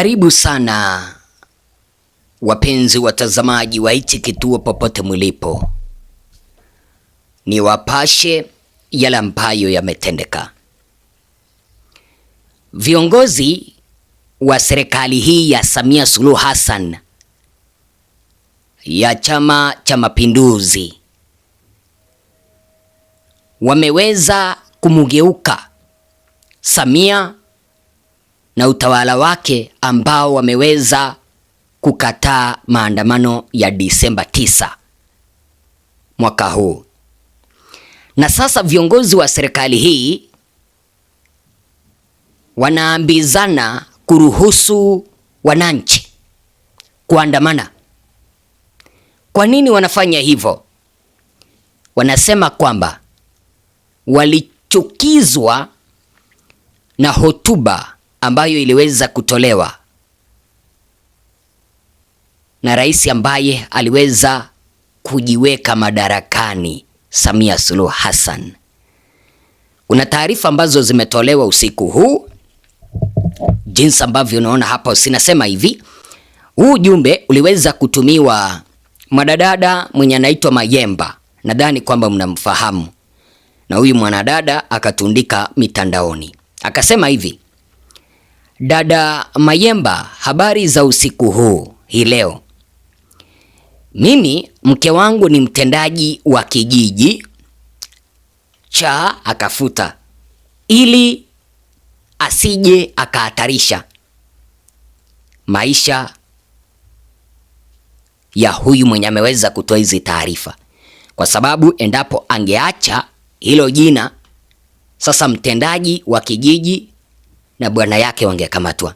Karibu sana wapenzi watazamaji wa hichi kituo popote mlipo, ni wapashe yale ambayo yametendeka. Viongozi wa serikali hii ya Samia Suluhu Hassan ya Chama cha Mapinduzi wameweza kumgeuka Samia na utawala wake ambao wameweza kukataa maandamano ya Disemba 9 mwaka huu. Na sasa viongozi wa serikali hii wanaambizana kuruhusu wananchi kuandamana. Kwa nini wanafanya hivyo? Wanasema kwamba walichukizwa na hotuba ambayo iliweza kutolewa na rais ambaye aliweza kujiweka madarakani Samia Suluhu Hassan. Kuna taarifa ambazo zimetolewa usiku huu, jinsi ambavyo unaona hapa Sinasema hivi, huu ujumbe uliweza kutumiwa mwanadada mwenye anaitwa Mayemba, nadhani kwamba mnamfahamu, na huyu mwanadada akatundika mitandaoni, akasema hivi Dada Mayemba, habari za usiku huu hii leo. Mimi mke wangu ni mtendaji wa kijiji cha akafuta, ili asije akahatarisha maisha ya huyu mwenye ameweza kutoa hizi taarifa, kwa sababu endapo angeacha hilo jina, sasa mtendaji wa kijiji na bwana yake wangekamatwa.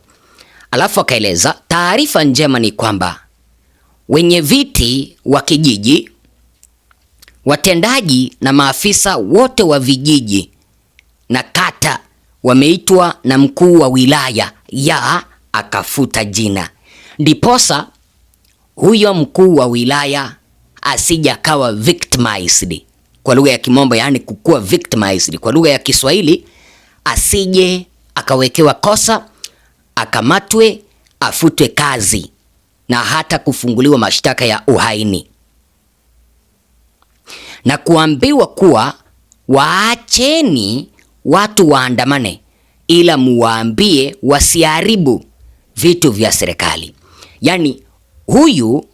Alafu akaeleza taarifa njema ni kwamba wenye viti wa kijiji, watendaji na maafisa wote wa vijiji na kata wameitwa na mkuu wa wilaya ya akafuta jina, ndiposa huyo mkuu wa wilaya asijakawa victimized kwa lugha ya Kimombo, yaani kukuwa victimized kwa lugha ya Kiswahili, asije akawekewa kosa, akamatwe, afutwe kazi na hata kufunguliwa mashtaka ya uhaini na kuambiwa kuwa waacheni watu waandamane, ila muwaambie wasiharibu vitu vya serikali. Yaani huyu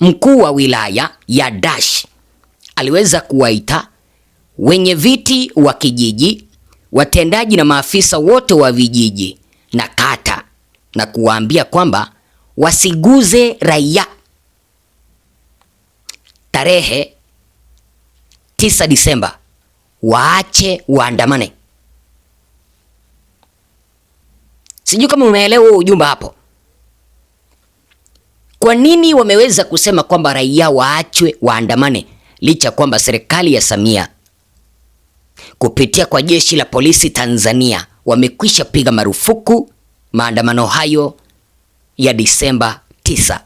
mkuu wa wilaya ya Dash aliweza kuwaita wenye viti wa kijiji watendaji na maafisa wote wa vijiji na kata na kuwaambia kwamba wasiguze raia. Tarehe 9 Disemba waache waandamane. Sijui kama umeelewa huo ujumbe hapo. Kwa nini wameweza kusema kwamba raia waachwe waandamane licha kwamba serikali ya Samia kupitia kwa jeshi la polisi Tanzania wamekwisha piga marufuku maandamano hayo ya Disemba 9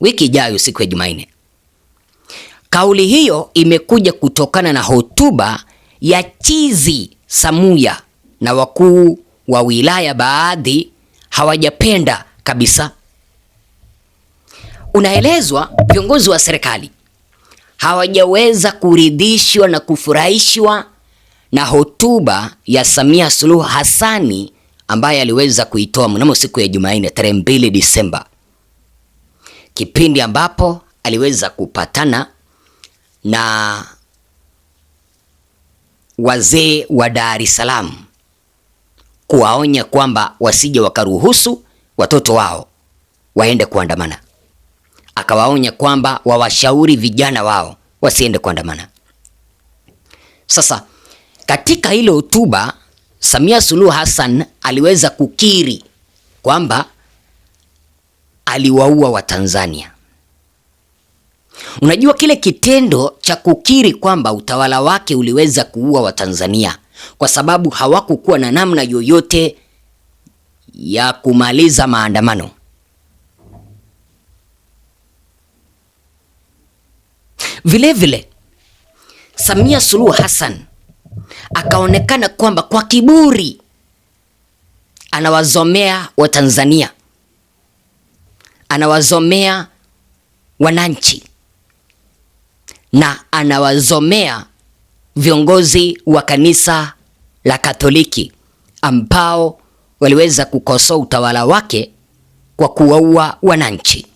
wiki ijayo siku ya Jumanne. Kauli hiyo imekuja kutokana na hotuba ya Chizi Samuya na wakuu wa wilaya baadhi hawajapenda kabisa. Unaelezwa viongozi wa serikali hawajaweza kuridhishwa na kufurahishwa na hotuba ya Samia Suluhu Hassani ambaye aliweza kuitoa mnamo siku ya Jumanne tarehe mbili Disemba, kipindi ambapo aliweza kupatana na wazee wa Dar es Salaam kuwaonya kwamba wasije wakaruhusu watoto wao waende kuandamana akawaonya kwamba wawashauri vijana wao wasiende kuandamana. Sasa katika ile hotuba Samia Suluhu Hassan aliweza kukiri kwamba aliwaua Watanzania. Unajua kile kitendo cha kukiri kwamba utawala wake uliweza kuua Watanzania kwa sababu hawakukuwa na namna yoyote ya kumaliza maandamano Vilevile Samia Suluhu Hassan akaonekana kwamba kwa kiburi anawazomea Watanzania, anawazomea wananchi na anawazomea viongozi wa kanisa la Katoliki ambao waliweza kukosoa utawala wake kwa kuwaua wananchi.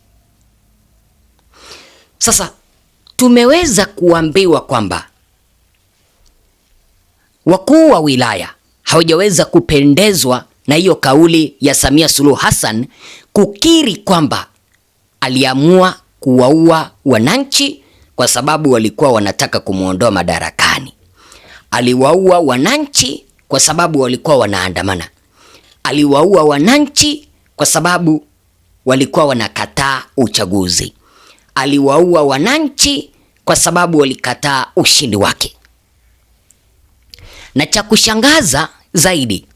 Sasa tumeweza kuambiwa kwamba wakuu wa wilaya hawajaweza kupendezwa na hiyo kauli ya Samia Suluhu Hassan kukiri kwamba aliamua kuwaua wananchi kwa sababu walikuwa wanataka kumwondoa madarakani. Aliwaua wananchi kwa sababu walikuwa wanaandamana. Aliwaua wananchi kwa sababu walikuwa wanakataa uchaguzi aliwaua wananchi kwa sababu walikataa ushindi wake. Na cha kushangaza zaidi,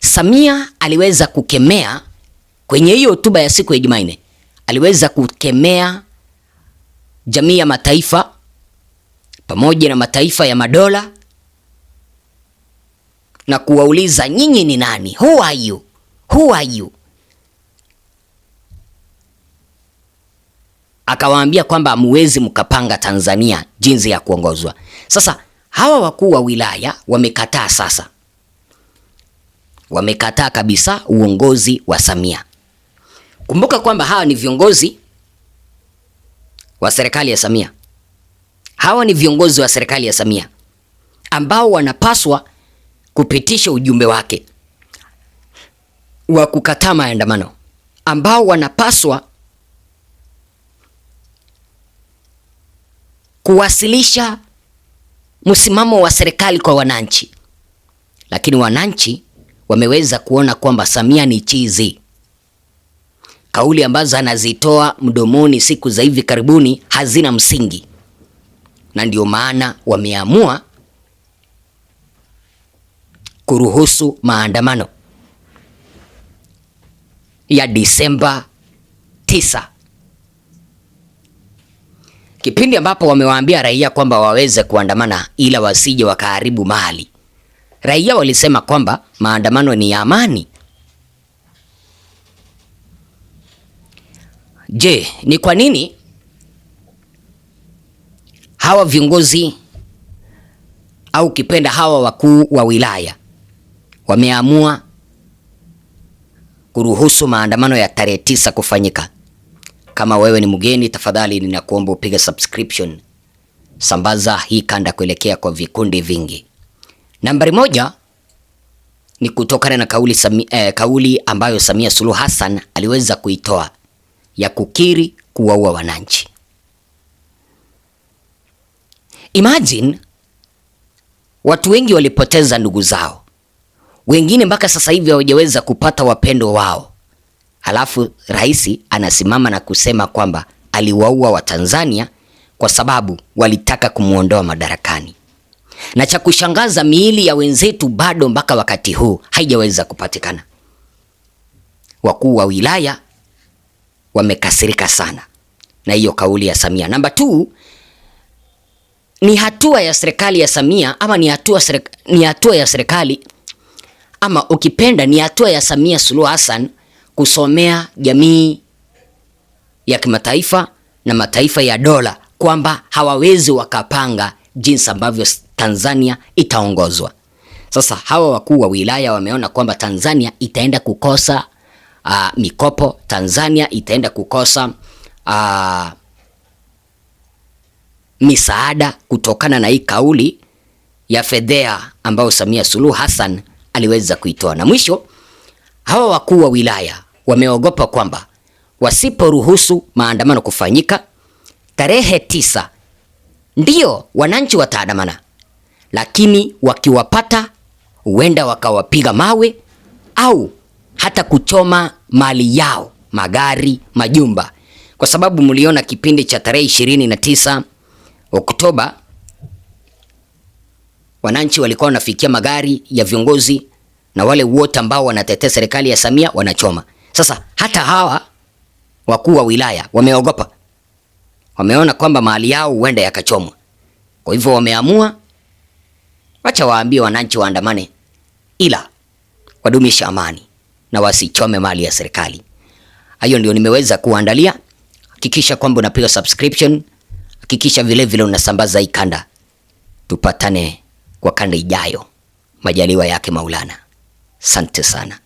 Samia aliweza kukemea kwenye hiyo hotuba ya siku ya Jumanne, aliweza kukemea jamii ya mataifa pamoja na mataifa ya madola na kuwauliza nyinyi ni nani? Who are you? Who are you? akawaambia kwamba muwezi mkapanga Tanzania jinsi ya kuongozwa. Sasa hawa wakuu wa wilaya wamekataa, sasa wamekataa kabisa uongozi wa Samia. Kumbuka kwamba hawa ni viongozi wa serikali ya Samia, hawa ni viongozi wa serikali ya Samia ambao wanapaswa kupitisha ujumbe wake wa kukataa maandamano, ambao wanapaswa kuwasilisha msimamo wa serikali kwa wananchi, lakini wananchi wameweza kuona kwamba Samia ni chizi. Kauli ambazo anazitoa mdomoni siku za hivi karibuni hazina msingi, na ndio maana wameamua kuruhusu maandamano ya Disemba 9 kipindi ambapo wamewaambia raia kwamba waweze kuandamana ila wasije wakaharibu mali. Raia walisema kwamba maandamano ni ya amani. Je, ni kwa nini hawa viongozi au kipenda hawa wakuu wa wilaya wameamua kuruhusu maandamano ya tarehe tisa kufanyika? Kama wewe ni mgeni, tafadhali ninakuomba upige subscription, sambaza hii kanda kuelekea kwa vikundi vingi. Nambari moja ni kutokana na kauli, sami, eh, kauli ambayo Samia Suluhu Hassan aliweza kuitoa ya kukiri kuwaua wananchi. Imagine watu wengi walipoteza ndugu zao, wengine mpaka sasa hivi hawajaweza kupata wapendo wao. Halafu rais anasimama na kusema kwamba aliwaua Watanzania kwa sababu walitaka kumwondoa madarakani. Na cha kushangaza, miili ya wenzetu bado mpaka wakati huu haijaweza kupatikana. Wakuu wa wilaya wamekasirika sana na hiyo kauli ya Samia. Namba tu ni hatua ya serikali ya Samia ama ni hatua, ni hatua ya serikali ama ukipenda ni hatua ya Samia Suluhu Hassan kusomea jamii ya kimataifa na mataifa ya dola kwamba hawawezi wakapanga jinsi ambavyo Tanzania itaongozwa. Sasa hawa wakuu wa wilaya wameona kwamba Tanzania itaenda kukosa uh, mikopo. Tanzania itaenda kukosa uh, misaada kutokana na hii kauli ya fedhea ambayo Samia Suluhu Hassan aliweza kuitoa. Na mwisho hawa wakuu wa wilaya wameogopa kwamba wasiporuhusu maandamano kufanyika tarehe tisa, ndio wananchi wataandamana, lakini wakiwapata huenda wakawapiga mawe au hata kuchoma mali yao, magari, majumba, kwa sababu mliona kipindi cha tarehe ishirini na tisa Oktoba wananchi walikuwa wanafikia magari ya viongozi na wale wote ambao wanatetea serikali ya Samia wanachoma. Sasa hata hawa wakuu wa wilaya wameogopa, wameona kwamba mali yao huenda yakachomwa. Kwa hivyo wameamua, wacha waambie wananchi waandamane, ila wadumisha amani na wasichome mali ya serikali. Hayo ndio nimeweza kuandalia. Hakikisha kwamba unapiga subscription, hakikisha vile vile unasambaza hii kanda. Tupatane kwa kanda ijayo, majaliwa yake Maulana. Sante sana.